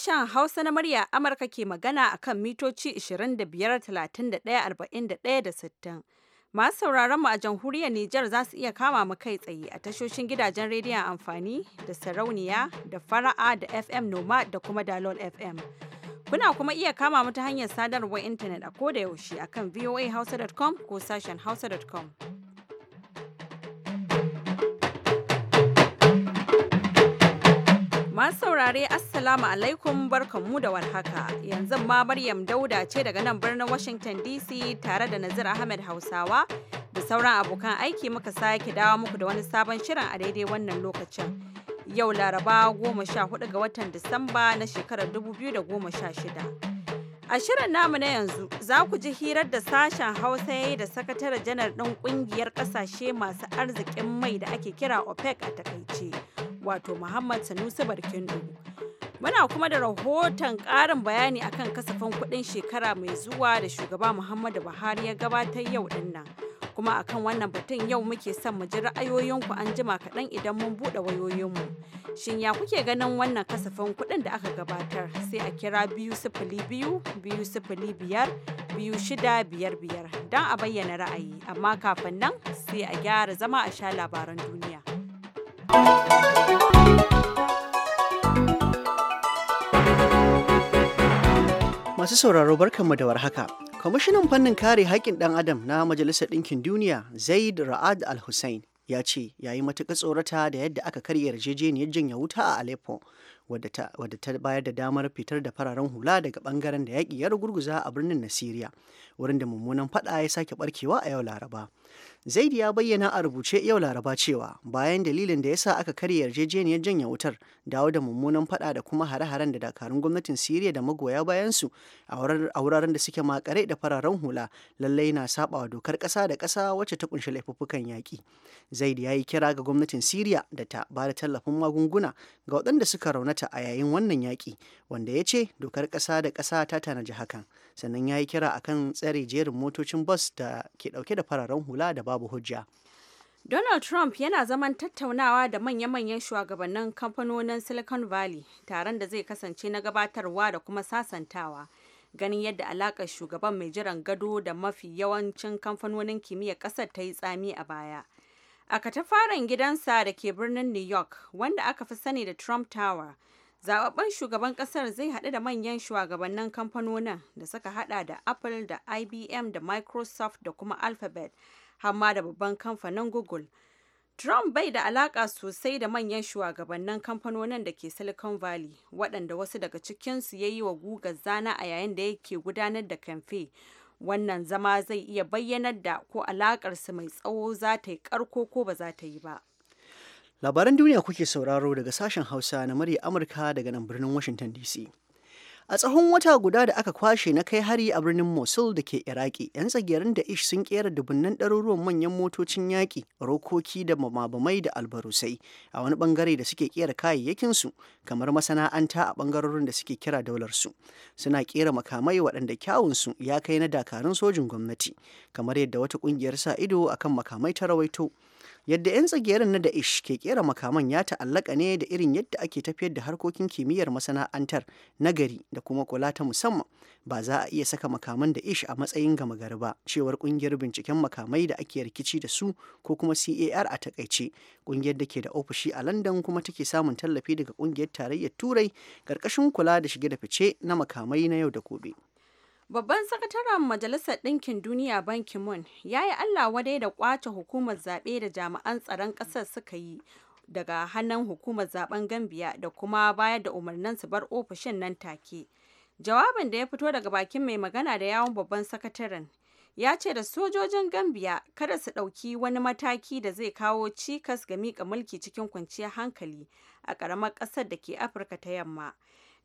Sashen Hausa na murya Amurka ke magana a kan mitoci 25,31,41 da sittin Masu sauraron mu a jamhuriyar Nijar za su iya kama mu kai tsaye a tashoshin gidajen rediyon amfani da sarauniya da fara'a da FM Noma da kuma Dalol FM. Kuna kuma iya kama mu ta hanyar sadarwar intanet a koda yaushe akan voahausa.com ko sashen hausa.com. Masu saurare Assalamu alaikum barkanmu da warhaka. Yanzu ma Maryam Dauda ce daga nan birnin Washington DC tare da Nazir Ahmed Hausawa da sauran abokan aiki muka sake dawo muku da wani sabon shirin a daidai wannan lokacin. Yau Laraba goma sha hudu ga watan Disamba na shekarar dubu biyu da goma sha shida A shirin namu na yanzu za ku ji hirar da sashen Hausa ya yi da sakatare janar ɗin ƙungiyar ƙasashe masu arzikin mai da ake kira OPEC a takaice. wato Muhammad Sanusi Barkindo. Muna kuma da rahoton ƙarin bayani akan kasafin kuɗin shekara mai zuwa da shugaba Muhammadu Buhari ya gabatar yau ɗin Kuma akan wannan batun yau muke son mu ji ra'ayoyinku an jima kaɗan idan mun buɗe wayoyinmu. Shin ya kuke ganin wannan kasafin kuɗin da aka gabatar sai a kira biyu sifili biyu biyu sifili biyar biyu shida biyar biyar don a bayyana ra'ayi amma kafin nan sai a gyara zama a sha labaran duniya. Masu sauraro barkanmu da warhaka. Kwamishinan fannin kare haƙƙin ɗan adam na Majalisar Ɗinkin Duniya, Zaid Ra'ad Al-Hussein, ya ce ya yi matuƙar tsorata da yadda aka karya yarjejeniyar janya wuta a Aleppo wadda ta bayar da damar fitar da fararen hula daga bangaren da yaƙi ya rugurguza a birnin na Siriya, wurin da mummunan faɗa ya sake barkewa a yau Laraba. Zaidi ya bayyana a rubuce yau Laraba cewa bayan dalilin da ya sa aka karya yarjejeniyar janya wutar, dawo da mummunan faɗa da kuma hare-haren da dakarun gwamnatin Siriya da magoya bayansu a wuraren da suke makare da fararen hula lallai na sabawa dokar ƙasa da ƙasa wacce ta kunshi laifuffukan yaƙi. Zaidi ya yi kira ga gwamnatin Siriya da ta ba da tallafin magunguna ga waɗanda suka raunata gabata a yayin wannan yaƙi wanda ya ce dokar ƙasa da ƙasa ta tanaji hakan sannan ya yi kira akan tsare jerin motocin bus da ke ɗauke da fararen hula da babu hujja. Donald Trump yana zaman tattaunawa da manya-manyan shugabannin kamfanonin Silicon Valley taron da zai kasance na gabatarwa da kuma sasantawa. Ganin yadda alakar shugaban mai jiran gado da mafi yawancin kamfanonin kimiyyar ƙasar ta yi tsami a baya. A katafaren gidansa da ke birnin New York, wanda aka fi sani da Trump Tower, zababben shugaban kasar zai haɗu da manyan shugabannin kamfanonin da suka haɗa da Apple da IBM da Microsoft da kuma Alphabet, hamma da babban kamfanin Google. Trump bai da alaƙa sosai da manyan shugabannin kamfanonin da ke Silicon Valley, waɗanda wasu daga cikinsu ya yi wa gugar zana a yayin da yake gudanar da kamfe. wannan zama zai iya bayyanar da ko alakarsu mai tsawo za ta yi karko ko ba za ta yi ba labaran duniya kuke sauraro daga sashen hausa na murya amurka daga nan birnin washington dc A tsahon wata guda da aka kwashe na kai hari a birnin Mosul da ke Iraki, 'yan tsagerin da ish sun kera dubunnan ɗaruruwan manyan motocin yaƙi, rokoki da mamabamai da albarusai a wani bangare da suke kera kayayyakinsu kamar masana'anta a bangarorin da suke kira daularsu. Suna kera makamai waɗanda kyawunsu ya kai na dakarun sojin gwamnati, kamar yadda wata ƙungiyar sa ido akan makamai ta rawaito. yadda 'yan tsagerin na Da'ish ke kera makaman ya ta'allaka ne da irin yadda ake tafiyar da harkokin kimiyyar masana'antar na gari da kuma kula ta musamman ba za a iya saka makaman da ish a matsayin gama gari ba cewar kungiyar binciken makamai da ake rikici da su ko kuma car a takaice kungiyar da ke da ofishi a london kuma take samun tallafi daga kungiyar tarayyar turai karkashin kula da shige da fice na makamai na yau da gobe Babban sakataren Majalisar Ɗinkin Duniya banki mun ya yi Allah wadai da kwace hukumar zaɓe da jami'an tsaron ƙasar suka yi daga hannun hukumar zaben Gambia da kuma bayar da umarnin su bar ofishin nan take. Jawabin da ya fito daga bakin mai magana da yawon babban sakataren ya ce da sojojin Gambia kada su ɗauki wani mataki da zai kawo cikas ga miƙa mulki cikin kwanciyar hankali a ƙaramar ƙasar da ke Afirka ta Yamma.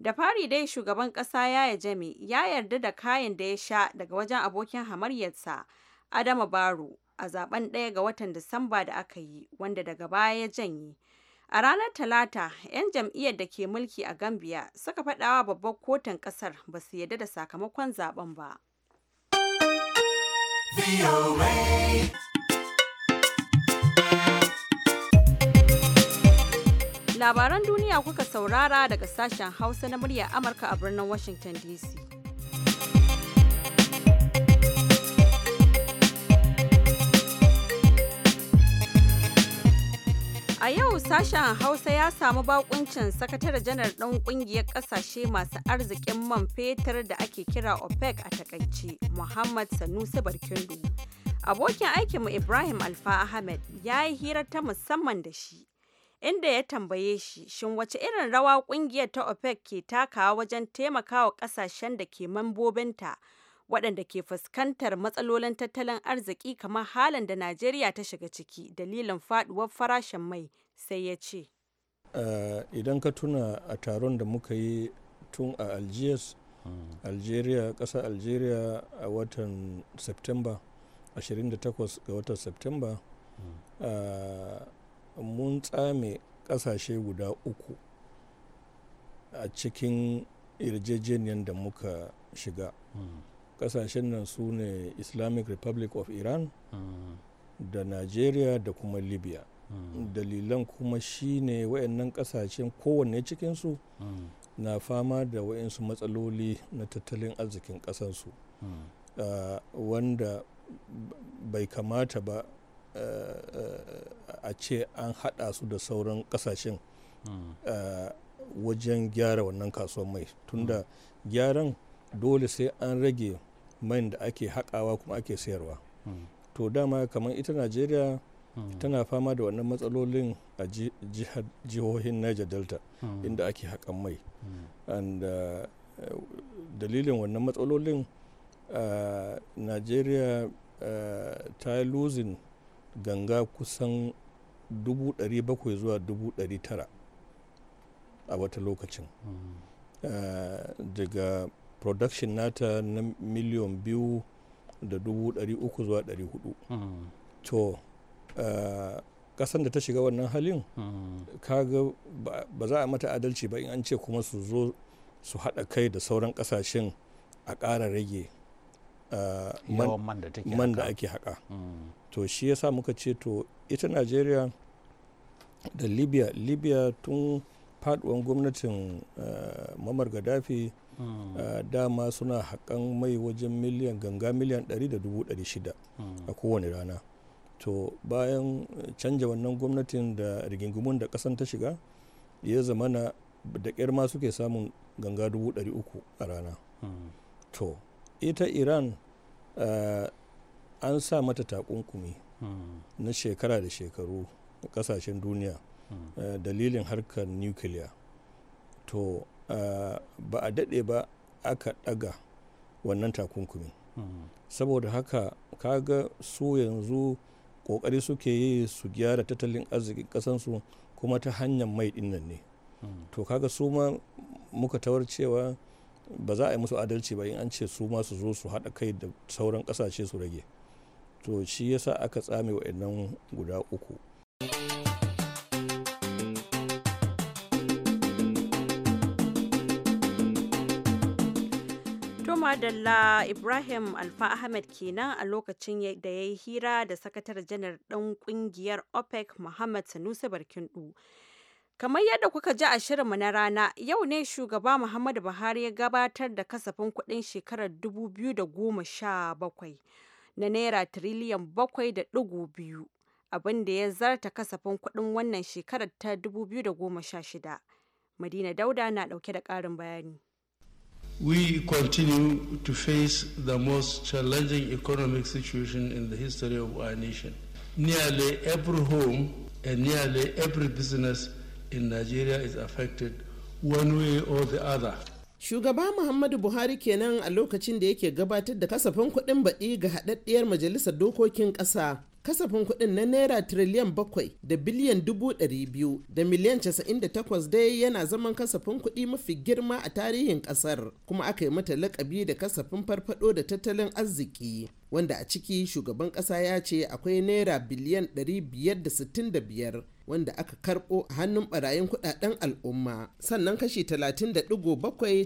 Da fari dai shugaban ƙasa Yaya Jami ya yarda da kayan da ya sha daga wajen abokin hamaryarsa Adama Baro a zaben ɗaya ga watan Disamba da aka yi, wanda daga baya ya janye. A ranar Talata, 'yan jam'iyyar da ke mulki a Gambia suka faɗawa babbar kotun ƙasar ba su yarda da sakamakon zaben ba. Labaran duniya kuka saurara daga sashen Hausa na muryar Amurka a birnin Washington DC. A yau sashen Hausa ya samu bakuncin sakatare janar ɗan ƙungiyar ƙasashe masu arzikin man fetur da ake kira OPEC a takaice, Muhammad Sanusi Barkindo. Abokin aikinmu Ibrahim Alfa Ahmed ya yi hira ta musamman da shi, inda ya tambaye shi shin wace irin rawa ƙungiyar ta OPEC ke takawa wajen taimakawa ƙasashen da ke mambobinta waɗanda ke fuskantar matsalolin tattalin arziki kamar halin da Najeriya ta shiga ciki dalilin faduwar farashin mai sai ya ce. Eh, idan ka tuna a taron da muka yi tun a Algiers, hmm. Algeria, ƙasar Algeria a watan Septemba, 28 ga watan Septemba, hmm. eh, mun tsame ƙasashe guda uku a cikin yarjejeniyar da muka shiga. Hmm. kasashen nan su ne islamic republic of iran hmm. da nigeria da kuma libya hmm. dalilan kuma shine wayannan kasashen kowanne cikinsu hmm. na fama da wayansu matsaloli na tattalin arzikin kasansu ah, wanda bai kamata ba ah, ah, a ce an hada su da sauran kasashen wajen gyara wannan kasuwan mai tunda gyaran dole sai an rage man da ake haƙawa kuma ake sayarwa hmm. to dama kamar ita najeriya hmm. tana fama da wannan matsalolin a jihohin niger delta hmm. inda ake haƙan mai and uh, dalilin wannan matsalolin uh, najeriya uh, ta yi losing ganga kusan 700 zuwa 900 a wata lokacin daga production nata na miliyan biyu da dubu ɗari uku zuwa ɗari hudu to kasan eh, da ta shiga wannan halin kaga ba za a mata adalci ba in an ce kuma su zo su haɗa kai da sauran ƙasashen a ƙara rage eh, man da ake haƙa mm. to shi yasa muka ce to ita najeriya da libya libya tun faduwan gwamnatin eh, mamar gaddafi hmm. eh, dama suna haƙan mai wajen miliyan ganga miliyan 100,600 hmm. a kowane rana to bayan canja wannan gwamnatin da rigingimun da ƙasan ta shiga ya zamana da ƙyar ma suke samun ganga 300 a rana hmm. to ita iran eh, an sa mata takunkumi na shekara da shekaru ƙasashen duniya Eh, dalilin harkar nukiliya to eh, ba a daɗe ba aka ɗaga wannan takunkumin saboda haka kaga su yanzu ƙoƙari suke yi su gyara tattalin arzikin ƙasansu kuma ta hanyar mai ɗinnan ne to kaga su ma muka tawar cewa ba za a yi musu adalci ba in an ce su ma su zo su haɗa kai da sauran ƙasashe su rage to shi yasa aka tsame wa'annan guda uku adalla Ibrahim Alfa Ahmed kenan a lokacin da ya yi hira da sakatar janar ɗan ƙungiyar OPEC Muhammad Sanusi Barkindu. Kamar yadda kuka ji a shirinmu na rana, yau ne shugaba Muhammadu Buhari ya gabatar da kasafin kuɗin shekarar 2017 na Naira tiriliyan 7.2 abin da ya zarta kasafin kuɗin wannan shekarar ta 2016. Madina Dauda na ɗauke da ƙarin bayani. we continue to face the most challenging economic situation in the history of our nation. Nearly every home and nearly every business in Nigeria is affected one way or the other. Shugaba Muhammadu Buhari kenan a lokacin da yake gabatar da kasafin kuɗin baɗi ga haɗaɗɗiyar majalisar dokokin ƙasa. kasafin kuɗin na naira tiriliyan bakwai da biliyan dubu ɗari biyu da miliyan casa'in da takwas dai yana zaman kasafin kuɗi mafi girma a tarihin ƙasar kuma aka yi mata laƙabi da kasafin farfaɗo da tattalin arziki wanda a ciki shugaban ƙasa ya ce akwai naira biliyan ɗari biyar da sittin da biyar wanda aka karbo a hannun barayin kudaden al'umma sannan kashi 30.7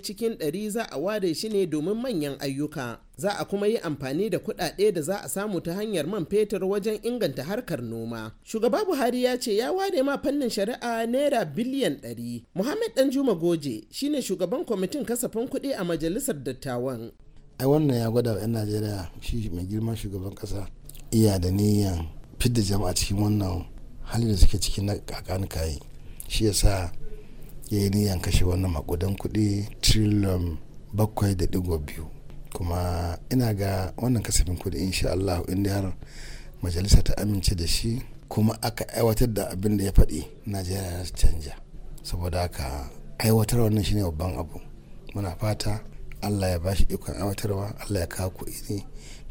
cikin 100 za a ware shi ne domin manyan ayyuka za a kuma yi amfani da kuɗaɗe da za a samu ta hanyar man fetur wajen inganta harkar noma. Shugaba Buhari ya ce ya ware ma fannin shari'a naira biliyan ɗari. Muhammad Danjuma Goje shine shugaban kwamitin kasafin kuɗi a majalisar dattawan. Ai wannan ya gwada 'yan Najeriya shi mai girman shugaban ƙasa iya da niyan fidda jama'a cikin wannan halin da suke cikin na kakan kayi shi ya sa ya yi niyan kashe wannan makudan kudi trillion bakwai da digo biyu kuma ina ga wannan kasafin kuɗi insha Allah inda har majalisa ta amince da shi kuma aka aiwatar da abin da ya faɗi najeriya ta canja saboda haka aiwatar wannan shine babban abu muna fata allah ya bashi ikon aiwatarwa allah ya kawo kuɗi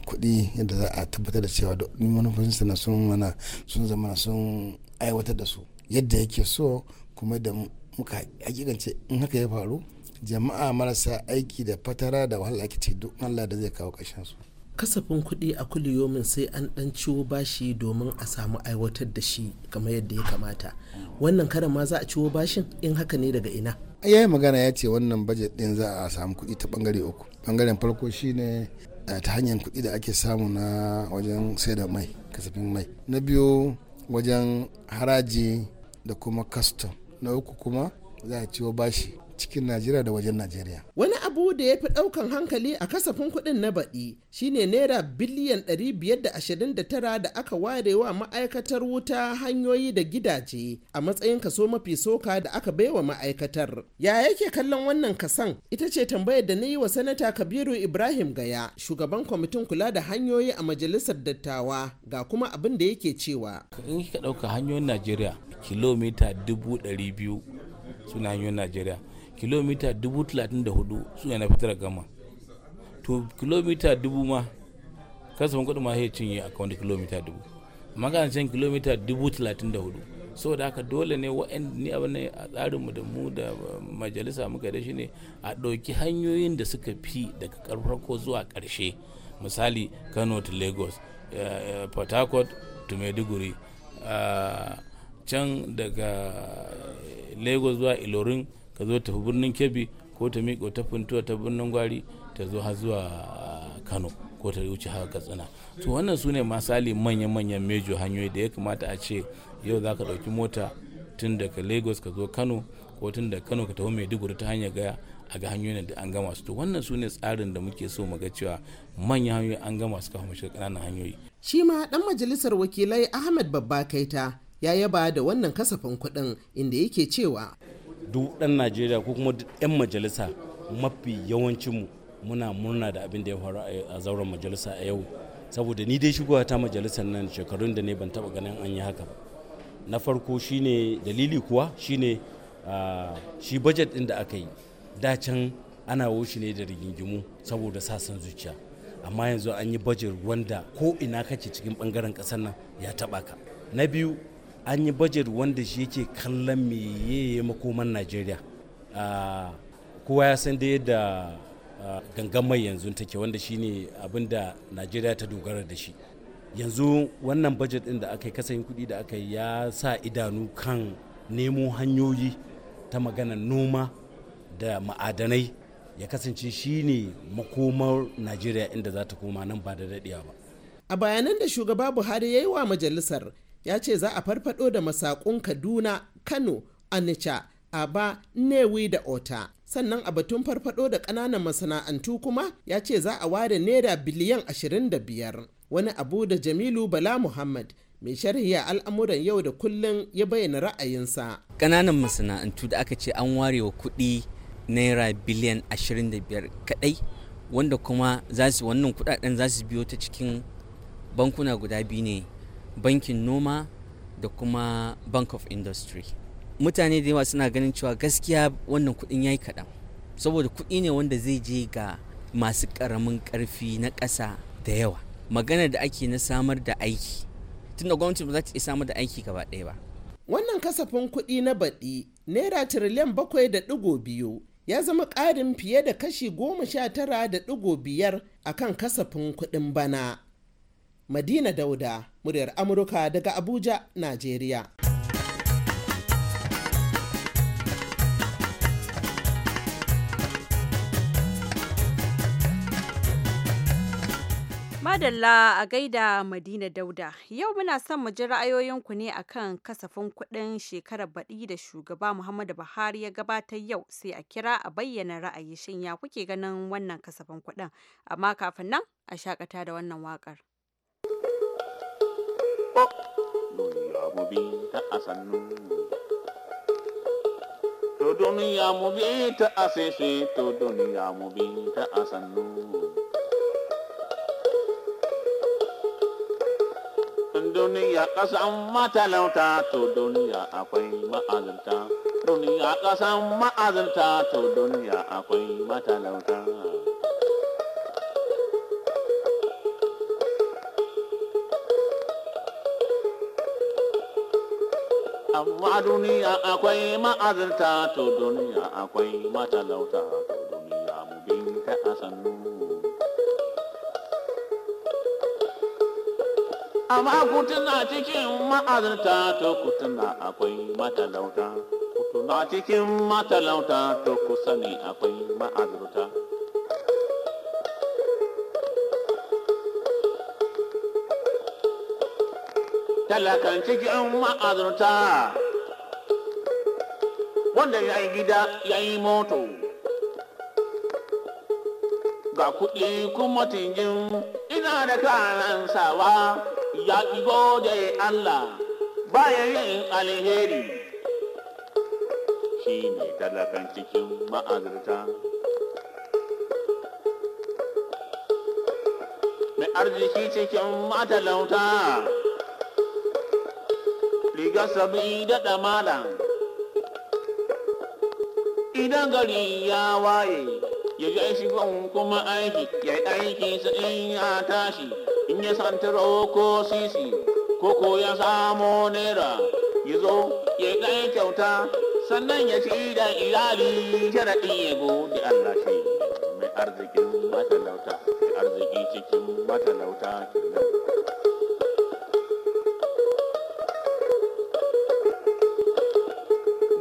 kuɗi yadda za a tabbatar da cewa duk manufofinsa na sun mana sun zama sun aiwatar da su yadda yake so kuma da muka hakikance in haka ya faru jama'a marasa aiki da fatara da wahala ake ce duk Allah da zai kawo ƙarshen su kasafin kuɗi a kuliyomin sai an ɗan ciwo bashi domin a samu aiwatar da shi kamar yadda ya kamata wannan karan ma za a ciwo bashin in haka ne daga ina ya yi magana ya ce wannan bajet ɗin za a samu kuɗi ta ɓangare uku ɓangaren farko shine ta hanyar kuɗi da ake samu na wajen sai da mai kasafin mai na biyu wajen haraji da kuma kastom na uku kuma za a ciwo bashi cikin najeriya da wajen najeriya wani abu da ya fi ɗaukan hankali a kasafin kuɗin na baɗi shine naira biliyan 529 da aka ware wa ma'aikatar wuta hanyoyi da gidaje a matsayin kaso mafi soka da aka baiwa ma'aikatar ya yake kallon wannan kasan ita ce tambayar da na yi wa sanata kabiru ibrahim gaya shugaban kwamitin kula da hanyoyi a majalisar dattawa ga kuma abin da yake cewa in kika ɗauka hanyoyin najeriya kilomita dubu ɗari biyu suna hanyoyin najeriya kilomita dubu talatin da hudu su na fitar gama to kilomita dubu ma kasafin kudu ma ya cinye a kawai kilomita dubu maganancin kilomita dubu talatin da hudu saboda haka dole ne ni abin ne a tsarin mu da mu da majalisa muka da shi ne a ɗauki hanyoyin da suka fi daga ko zuwa ƙarshe misali kano to lagos eh, port harcourt to maiduguri ah, can daga lagos zuwa ilorin ka zo tafi birnin kebbi ko ta miƙo ta funtuwa ta birnin gwari ta zo har zuwa ah, kano ko ta wuce har katsina to wannan su ne masali manya-manyan mejo hanyoyi da ya kamata a ce yau za ka ɗauki mota tun daga lagos ka zo kano ko tun daga kano ka tafi maiduguri ta hanyar gaya a ga hanyoyin da an gama su to wannan su ne tsarin da muke so mu ga cewa manyan hanyoyi an gama su kafin shiga ƙananan hanyoyi shi ma ɗan majalisar wakilai ahmed babba kaita ya yaba da wannan kasafin kuɗin inda yake cewa duk ɗan najeriya ko kuma duk 'yan majalisa mafi yawancinmu muna murna da abin da ya faru a zauren majalisa a yau saboda ni dai shigowa ta majalisar nan shekarun da ne ban taba ganin an yi haka ba na farko shine dalili kuwa shine shi budget ɗin da aka yi dacen ana woshi ne da rigingimu saboda sasan zuciya amma yanzu an yi budget wanda ko ina kake cikin bangaren ƙasar nan ya taɓa ka na biyu an yi bajet wanda shi yake kallon yi makoman najeriya ah, kowa ya san da yadda ah, gangan mai yanzu take wanda ne abin da najeriya ta dogara da shi yanzu wannan bajet din da aka yi kasayin kuɗi da aka yi ya sa idanu kan nemo hanyoyi ta magana noma da ma'adanai ya kasance shi ne makomar najeriya inda za ta koma nan ba da daɗewa ba a bayanan da shugaba buhari ya yi wa majalisar ya ce za a farfado da masakun kaduna kano anicha aba newi da ota sannan a batun farfado da ƙananan masana'antu kuma ya ce za a ware naira biliyan 25 wani abu da jamilu bala muhammad mai sharhi a al'amuran yau da kullum ya bayyana ra'ayinsa ƙananan masana'antu da aka ce an ware wa kuɗi naira biliyan 25 kaɗai wanda kuma wannan kuɗaɗen za su biyo ta cikin bankuna guda biyu ne bankin noma da kuma bank of industry mutane da yawa suna ganin cewa gaskiya wannan kudin ya yi kaɗan saboda kuɗi ne wanda zai je ga masu ƙaramin ƙarfi na ƙasa da yawa magana da ake na samar da aiki tunda gwamnati ba za ta iya samar da aiki gaba ɗaya ba wannan kasafin kuɗi na baɗi naira tiriliyan bakwai da ɗigo biyu ya zama ƙarin fiye da kashi goma sha tara da ɗigo biyar akan kasafin kuɗin bana Madina Dauda, muryar Amurka daga Abuja, Najeriya. Madalla a gaida Madina Dauda, yau muna son mu ji ra'ayoyinku ne akan kasafin kuɗin shekarar baɗi da shugaba Muhammadu Buhari ya gabatar yau sai a kira a bayyana ra'ayi shin ya kuke ganin wannan kasafin kuɗin, amma kafin nan a shakata da wannan waƙar. duniya mu bi ta a sannu to duniya mu bi ta a sese to duniya mu bi ta a sannu duniya ƙasan matalauta to duniya akwai ma'azarta duniya ƙasan ma'azarta to duniya akwai matalauta amma duniya akwai ma'azarta to duniya akwai matalauta to duniya mu binta a sannu amma kutuna cikin ma'azarta to kutuna akwai matalauta kutuna cikin matalauta to kusa ne akwai ma'azarta talakan cikin ma'azurta wanda ya yi gida ya yi moto ga kuɗi kuma tijin ina da kanan sawa ya ƙi gode Allah bayan yin alheri shi ne talakan cikin ma'azurta mai arziki cikin matalauta riga sabi daɗa damala idan gari ya waye ya ji shigon kuma aiki ya yi aiki sa in ya tashi in ya santar ko sisi ko ko ya samo naira ya zo ya yi ɗan kyauta sannan ya ci da iyali sharaɗi ya gode Allah shi mai arzikin matalauta arziki cikin matalauta kenan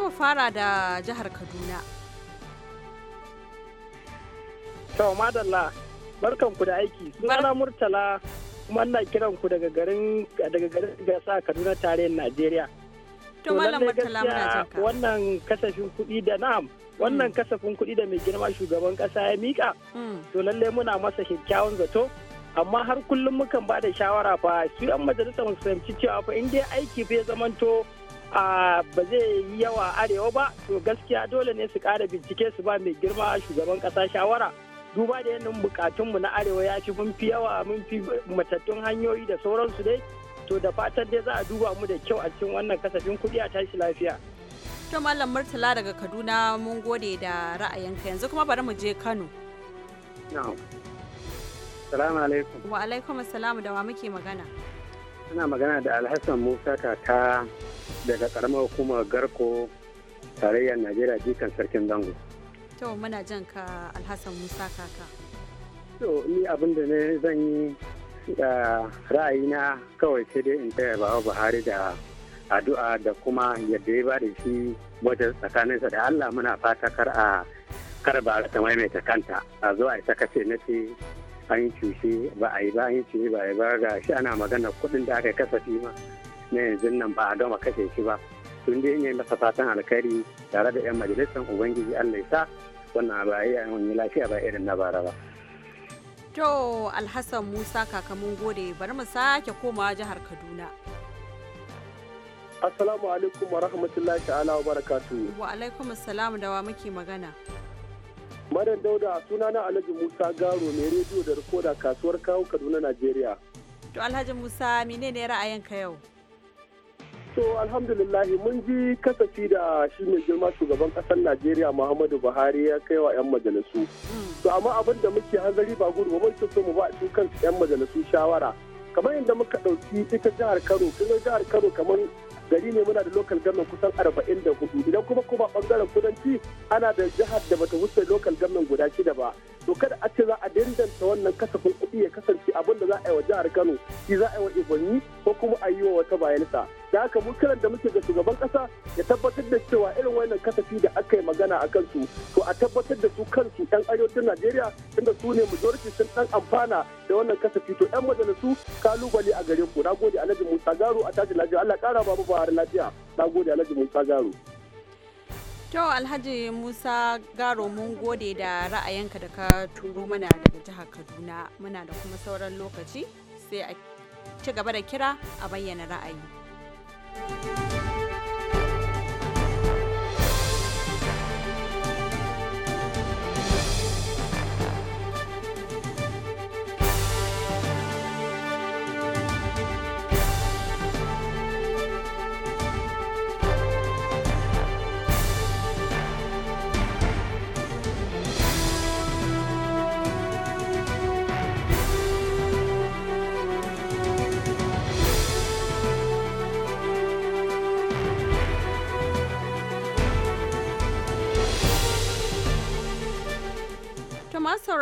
mu fara da jihar Kaduna. Kyau madalla, barkanku da aiki. Sunana Murtala kuma ina kiran ku daga garin daga garin Gasa Kaduna tarayyar Najeriya. To malam Murtala muna Wannan kasafin kuɗi da na'am. Wannan mm. kasafin kuɗi da mai girma shugaban ƙasa ya mika. Mm. To lallai muna masa kyakkyawan zato. amma har kullum mukan ba da shawara fa su yan majalisar mu fahimci cewa fa in dai aiki fa ya zamanto a ba zai yi yawa arewa ba to gaskiya dole ne su kara bincike su ba mai girma shugaban ƙasa shawara duba da yanayin bukatunmu na arewa ya fi mun fi yawa mun fi matattun hanyoyi da sauransu dai to da fatan dai za a duba mu da kyau a cikin wannan kasafin kuɗi a tashi lafiya. To Mallam Murtala daga Kaduna mun gode da ra'ayinka yanzu kuma bari mu je Kano. Salamu alaikum. Wa alaikum assalamu da wa muke magana. Ina magana da Alhassan Musa kaka daga karamar hukumar garko tarayyar najeriya jikan sarkin zango to muna jan ka alhassan musa kaka to ni abin da ne zan yi ra'ayina kawai sai dai in taya bawa buhari da addu'a da kuma yadda ya bada shi tsakanin tsakaninsa da allah muna fata kar a kar ba ta maimaita kanta a zo a ta kace na ce an yi cushe ba a yi ba an yi cushe ba a yi ba ga shi ana magana kuɗin da aka yi kasafi ma na yanzu nan ba a gama kashe shi ba tun dai ne masa fatan alkhairi tare da 'yan majalisar ubangiji allah sa wannan ba a yi lafiya ba irin na bara ba. to alhassan musa kakamun gode bari mu sake komawa jihar kaduna. Assalamu alaikum wa rahmatullahi ta'ala wa barakatu. Wa alaikum assalam da wa muke magana. Madan Dauda suna na Alhaji Musa Garo mai rediyo da rikoda kasuwar kawo Kaduna Najeriya. To Alhaji Musa menene ra'ayinka yau? to alhamdulillahi mun ji kasafi da shi mai girma shugaban kasar najeriya muhammadu buhari ya kai wa 'yan majalisu to amma abin da muke hanzari ba gudu ba mai so mu ba su kan 'yan majalisu shawara kamar yadda muka ɗauki ita jihar kano kuma jihar kano kamar gari ne muna da lokal government kusan arba'in da hudu idan kuma kuma bangaren kudanci ana da jihar da bata wuce lokal government guda shida ba to kada a ce za a dandanta wannan kasafin kuɗi ya kasance abin da za a yi wa jihar Kano shi za a yi wa Ibonyi ko kuma a yi wa wata bayansa da haka mun kiran da muke ga shugaban kasa ya tabbatar da cewa irin wannan kasafi da aka yi magana a kansu to a tabbatar da su kansu yan arewacin Najeriya tunda su ne majority sun dan amfana da wannan kasafi to yan majalisu kalubale a gare ku nagode Alhaji Musa garu a tashi lafiya Allah kara babu Buhari lafiya nagode Alhaji Musa garu. To Alhaji Musa Garo mun gode da ra'ayinka da ka turo mana daga jihar Kaduna muna da kuma sauran lokaci sai a ci gaba da kira a bayyana ra'ayi.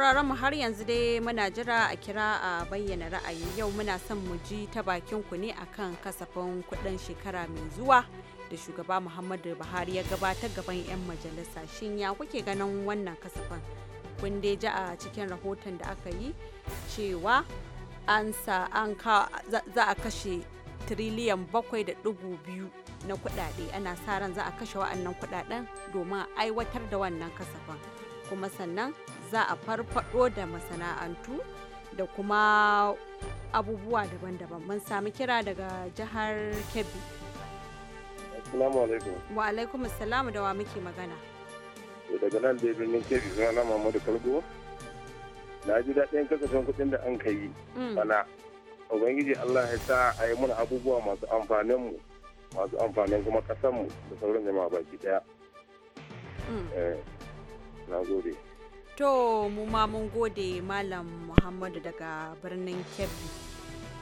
sauraron mu har yanzu dai muna jira a kira a bayyana ra'ayi yau muna son mu ji ta bakin ku ne akan kasafin kudin shekara mai zuwa da shugaba Muhammadu Buhari ya gabatar gaban 'yan majalisa shin ya kuke ganin wannan kasafin kun dai ji a cikin rahoton da aka yi cewa an sa an ka za a kashe tiriliyan bakwai da dubu biyu na kudade ana sa ran za a kashe wa'annan kuɗaɗen domin aiwatar da wannan kasafin kuma sannan za a farfado da masana'antu da kuma abubuwa daban-daban mun sami kira daga jihar kebbi Wa alaikum assalamu da wa muke magana. daga nan da birnin kebbi suna na Muhammadu kargo Na ji daɗin kasafin kuɗin da an kai yi. Mm. Bana. Ubangiji Allah ya sa a yi mana abubuwa masu amfanin mu. Masu amfanin kuma ƙasan da sauran jama'a baki ɗaya. Mm. Eh, na gode. To mu ma mun gode Malam Muhammadu daga birnin Kebbi.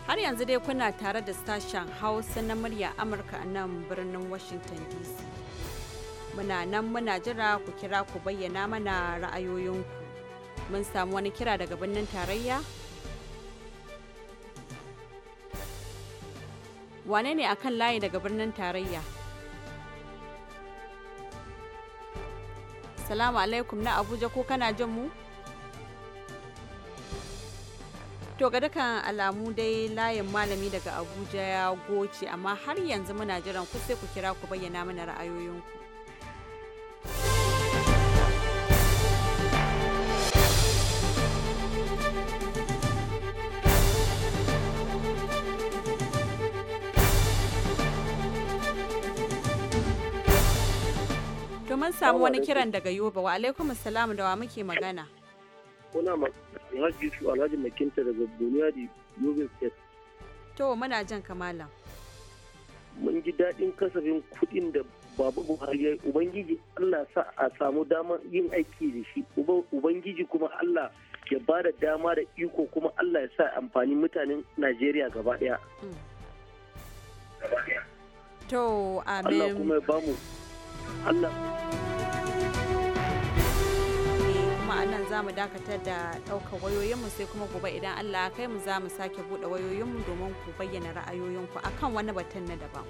Har yanzu dai kuna tare da sashen Hausa na murya Amurka a nan birnin Washington DC. Muna nan muna jira ku kira ku bayyana mana ra'ayoyinku. Mun samu wani kira daga birnin tarayya? Wane ne akan layi daga birnin tarayya? Salamu alaikum na Abuja ko kana jin mu? To ga dukan alamu dai layin malami daga Abuja ya goce amma har yanzu muna jiran ku sai ku kira ku bayyana mana ra'ayoyinku. mun samu wani kiran daga Yoba. Wa alaikum assalam da wa muke magana. Kuna magana su Alhaji Makinta daga Buniyadi yobin State. To muna jan kamala. Mun ji daɗin kasafin kuɗin da babu Buhari ya Ubangiji Allah sa a samu damar yin aiki da shi. Ubangiji kuma Allah ya ba da dama da iko kuma Allah ya sa amfani mutanen Najeriya gaba ɗaya. Hmm. To, amin. Allah kuma ya bamu Allah kuma anan za mu dakatar da ɗaukar wayoyinmu sai kuma gobe idan Allah ya kai mu za mu sake buɗe wayoyinmu domin ku bayyana ra'ayoyinku akan wani batun na daban.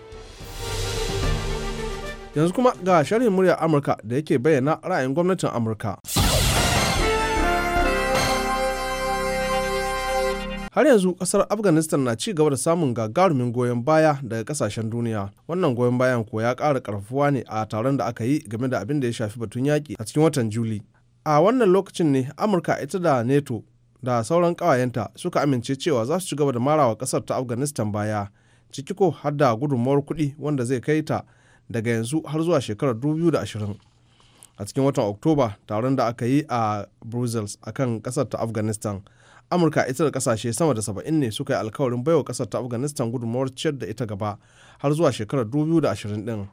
Yanzu kuma ga sharhin murya Amurka da yake bayyana ra'ayin gwamnatin Amurka. har yanzu kasar afghanistan na ci gaba da samun gagarumin goyon baya daga kasashen duniya wannan goyon bayan ko ya kara karfuwa ne a taron da aka yi game da abin da ya shafi batun yaki a cikin watan juli a wannan lokacin ne amurka ita da neto da sauran ƙawayenta suka amince cewa za su ci gaba da marawa kasar ta afghanistan baya ciki ko har da gudunmawar kuɗi wanda zai kai ta daga yanzu har zuwa shekarar 2020 a cikin watan oktoba taron da aka yi a brussels akan kasar ta afghanistan amurka ita da kasashe sama da saba'in ne suka yi alkawarin baiwa kasar ta afghanistan gudunmawar ciyar da ita gaba har zuwa shekarar 2020 din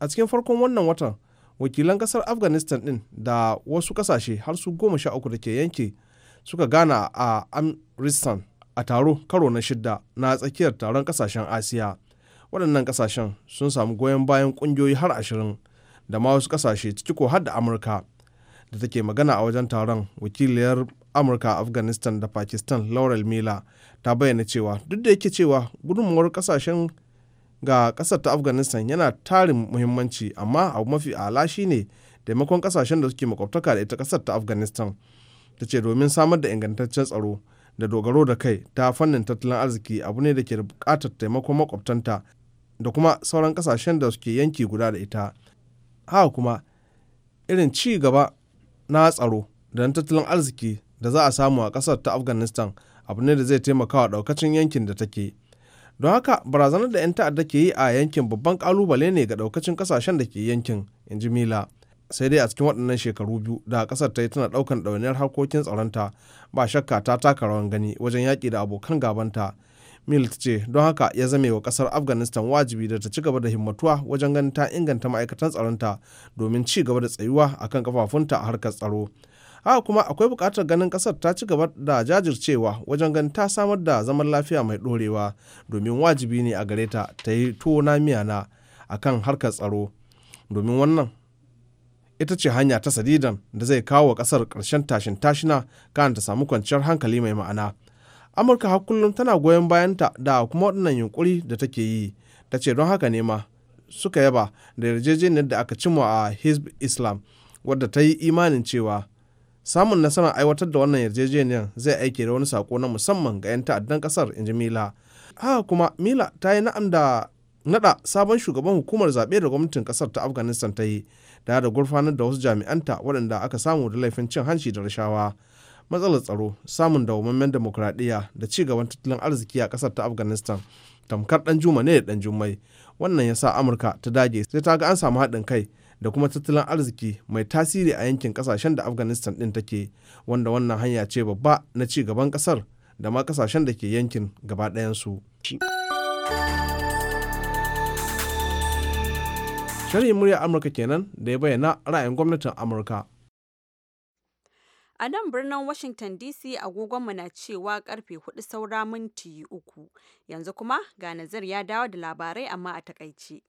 a cikin farkon wannan watan wakilan kasar afghanistan din da wasu kasashe har su goma sha uku da ke yanke suka gana a amristan a taro karo na shidda na tsakiyar taron kasashen asiya waɗannan kasashen sun samu goyon bayan ƙungiyoyi har ashirin da ma wasu kasashe ciki ko har da amurka da take magana a wajen taron wakiliyar amurka afghanistan da pakistan laurel miller ta bayyana cewa duk da yake cewa gudunmuwar kasashen ga kasar ta afghanistan yana tarin muhimmanci amma abu mafi ala shine taimakon kasashen da suke makwabtaka da ita kasar ta afghanistan ta ce domin samar da ingantaccen tsaro da dogaro da kai ta fannin tattalin arziki abu ne da ke bukatar taimakon makwabtanta da kuma sauran kasashen da suke yanki guda da ita haka kuma irin ci gaba na tsaro da na tattalin arziki da za a samu a ƙasar ta afghanistan abu ne da zai taimaka wa ɗaukacin yankin da take don haka barazanar da 'yan ta'adda ke yi a yankin babban kalubale ne ga ɗaukacin kasashen da ke yankin in mila sai dai a cikin waɗannan shekaru biyu da ƙasar ta yi tana ɗaukan ɗawainiyar harkokin tsaronta ba shakka ta taka rawan gani wajen yaƙi da abokan gabanta mil ce don haka ya zame wa kasar afghanistan wajibi da ta ci gaba da himmatuwa wajen ganin ta inganta ma'aikatan tsaronta domin ci gaba da tsayuwa akan kafafunta a harkar tsaro haka kuma akwai bukatar ganin ƙasar ta ci gaba da jajircewa wajen ganin ta samar da zaman lafiya mai ɗorewa domin wajibi ne a gare ta ta yi tuwo na miyana a kan harkar tsaro domin wannan ita ce hanya ta sadidan da zai kawo wa ƙasar ƙarshen tashin tashina kan ta samu kwanciyar hankali mai ma'ana amurka har kullum tana goyon bayanta da kuma waɗannan yunkuri da take yi ta ce don haka ne ma suka yaba da yarjejeniyar da aka cimma a hizb islam wadda ta yi imanin cewa samun nasarar aiwatar da wannan yarjejeniyar zai aike da wani sako na musamman ga 'yan ta'addan kasar inji mila haka kuma mila ta yi na'am da nada sabon shugaban hukumar zaɓe da gwamnatin kasar ta afghanistan ta yi da da gurfanar da wasu jami'anta waɗanda aka samu da laifin cin hanci da rashawa matsalar tsaro samun dawwammamen demokuraɗiyya da ci gaban tattalin arziki a kasar ta afghanistan tamkar ɗan juma ne da ɗan jummai wannan ya sa amurka ta dage sai ta ga an samu haɗin kai da kuma tattalin arziki mai tasiri a yankin kasashen da afghanistan din take wanda wannan hanya ce babba na ci gaban kasar da ma kasashen da ke yankin gaba ɗayansu. Sharhin murya Amurka kenan da ya bayyana ra'ayin gwamnatin Amurka. A nan birnin Washington DC agogonmu na cewa karfe 4 saura minti uku. Yanzu kuma ga nazar ya dawo da labarai amma a takaice.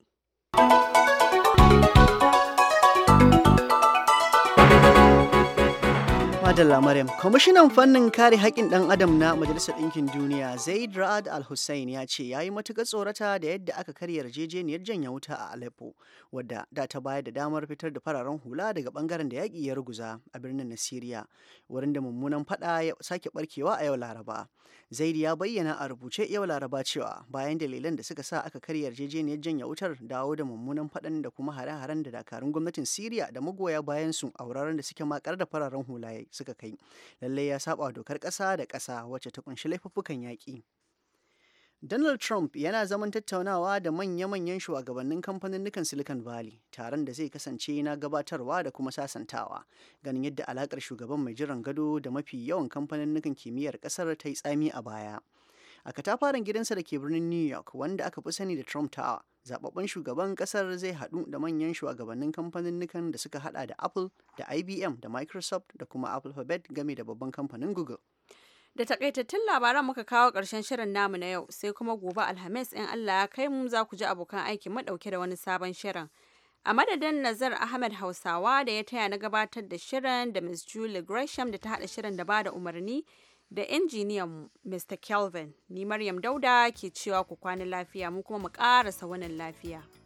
Madalla Maryam, kwamishinan fannin kare haƙƙin ɗan adam na Majalisar Ɗinkin Duniya Zaid Ra'ad Al-Hussein ya ce ya yi matuƙar tsorata da yadda aka karya yarjejeniyar janya wuta a Aleppo, wadda da ta bayar da damar fitar da fararen hula daga bangaren da yaƙi ya ruguza a birnin na Siriya, wurin da mummunan faɗa ya sake ɓarkewa a yau Laraba. Zaid ya bayyana a rubuce yau Laraba cewa bayan dalilan da suka sa aka karya yarjejeniyar janya wutar dawo da mummunan faɗan da kuma hare-haren da dakarun gwamnatin Siriya da magoya bayan su a wuraren da suke makar da fararen hula suka kai lallai ya saba dokar ƙasa da ƙasa wacce ta kunshi laifuffukan yaƙi Donald Trump yana zaman tattaunawa da manya-manyan shugabannin kamfaninnikan Silicon Valley, taron da zai kasance na gabatarwa da kuma sasantawa, ganin yadda alaƙar shugaban mai jiran gado da mafi yawan kamfaninnikan kimiyyar ƙasar ta yi tsami a baya. a katafaren gidansa da ke birnin new york wanda aka fi sani da trump tower zababben shugaban kasar zai haɗu da manyan shugabannin kamfanin nukan da suka hada da apple da ibm da microsoft da kuma alphabet game da babban kamfanin google da takaitattun labaran muka kawo ƙarshen shirin namu na yau sai kuma gobe alhamis in allah ya kai mu za ku ji abokan aikin mu ɗauke da wani sabon shirin a madadin nazar ahmed hausawa da ya taya na gabatar da shirin da ms julie gresham da ta haɗa shirin da bada umarni da injiniyan Mr. Kelvin, ni Maryam Dauda ke cewa ku kwana lafiya mu kuma mu ƙarasa wannan lafiya.